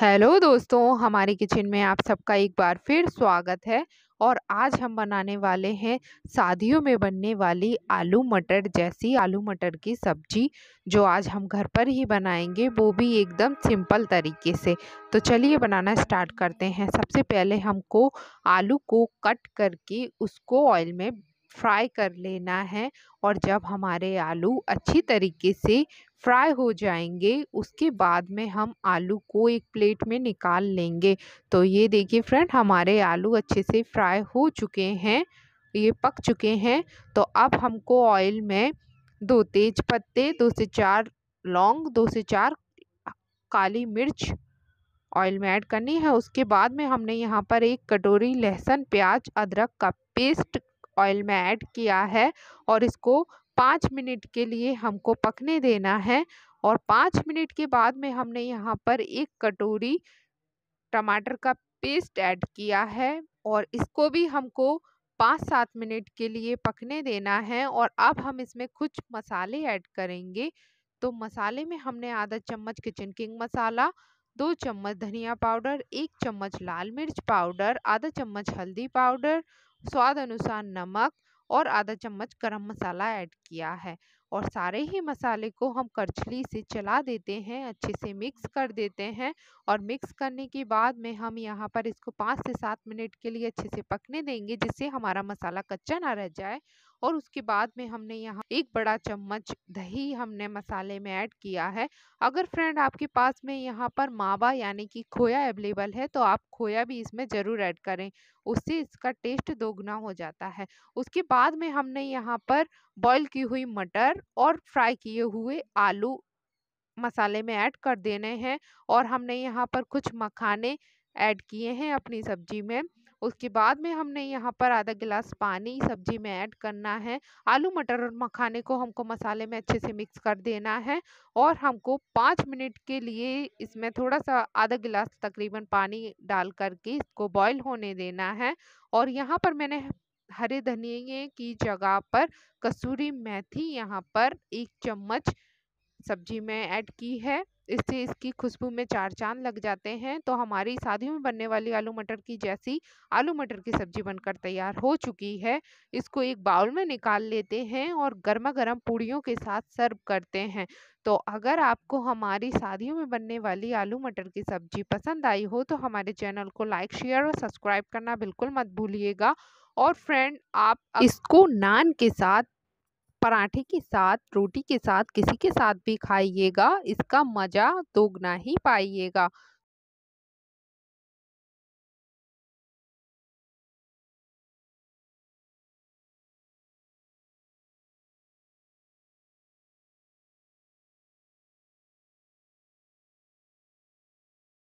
hello दोस्तों हमारे kitchen में आप सबका एक बार फिर स्वागत है और आज हम बनाने वाले हैं शादियों में बनने वाली आलू मटर जैसी आलू मटर की सब्जी जो आज हम घर पर ही बनाएंगे वो भी एकदम सिंपल तरीके से तो चलिए बनाना स्टार्ट करते हैं सबसे पहले हमको आलू को कट करके उसको ऑयल में फ्राई कर लेना है और जब हमारे आलू अच्छी तरीके से फ्राई हो जाएंगे उसके बाद में हम आलू को एक प्लेट में निकाल लेंगे तो ये देखिए फ्रेंड हमारे आलू अच्छे से फ्राई हो चुके हैं ये पक चुके हैं तो अब हमको ऑयल में दो तेज पत्ते दो से चार लौंग दो से चार काली मिर्च ऑयल में ऐड करनी है उसके बाद में हमने यहाँ पर एक कटोरी लहसुन प्याज अदरक का पेस्ट ऑयल में ऐड किया है और इसको पाँच मिनट के लिए हमको पकने देना है और पाँच मिनट के बाद में हमने यहाँ पर एक कटोरी टमाटर का पेस्ट ऐड किया है और इसको भी हमको पाँच सात मिनट के लिए पकने देना है और अब हम इसमें कुछ मसाले ऐड करेंगे तो मसाले में हमने आधा चम्मच किचन किंग मसाला दो चम्मच धनिया पाउडर एक चम्मच लाल मिर्च पाउडर आधा चम्मच हल्दी पाउडर स्वाद अनुसार नमक और आधा चम्मच गरम मसाला ऐड किया है और सारे ही मसाले को हम करछली से चला देते हैं अच्छे से मिक्स कर देते हैं और मिक्स करने के बाद में हम यहाँ पर इसको पाँच से सात मिनट के लिए अच्छे से पकने देंगे जिससे हमारा मसाला कच्चा ना रह जाए और उसके बाद में हमने यहाँ एक बड़ा चम्मच दही हमने मसाले में ऐड किया है अगर फ्रेंड आपके पास में यहाँ पर मावा यानी कि खोया अवेलेबल है तो आप खोया भी इसमें ज़रूर ऐड करें उससे इसका टेस्ट दोगुना हो जाता है उसके बाद में हमने यहाँ पर बॉईल की हुई मटर और फ्राई किए हुए आलू मसाले में ऐड कर देने हैं और हमने यहाँ पर कुछ मखाने ऐड किए हैं अपनी सब्जी में उसके बाद में हमने यहाँ पर आधा गिलास पानी सब्जी में ऐड करना है आलू मटर और मखाने को हमको मसाले में अच्छे से मिक्स कर देना है और हमको पाँच मिनट के लिए इसमें थोड़ा सा आधा गिलास तकरीबन पानी डाल करके इसको बॉयल होने देना है और यहाँ पर मैंने हरे धनिए की जगह पर कसूरी मेथी यहाँ पर एक चम्मच सब्जी में ऐड की है इससे इसकी खुशबू में चार चांद लग जाते हैं तो हमारी शादी में बनने वाली आलू मटर की जैसी आलू मटर की सब्जी बनकर तैयार हो चुकी है इसको एक बाउल में निकाल लेते हैं और गर्मा गर्म पूड़ियों के साथ सर्व करते हैं तो अगर आपको हमारी शादियों में बनने वाली आलू मटर की सब्जी पसंद आई हो तो हमारे चैनल को लाइक शेयर और सब्सक्राइब करना बिल्कुल मत भूलिएगा और फ्रेंड आप इसको नान के साथ पराठे के साथ रोटी के साथ किसी के साथ भी खाइएगा इसका मज़ा दोगुना ही पाइएगा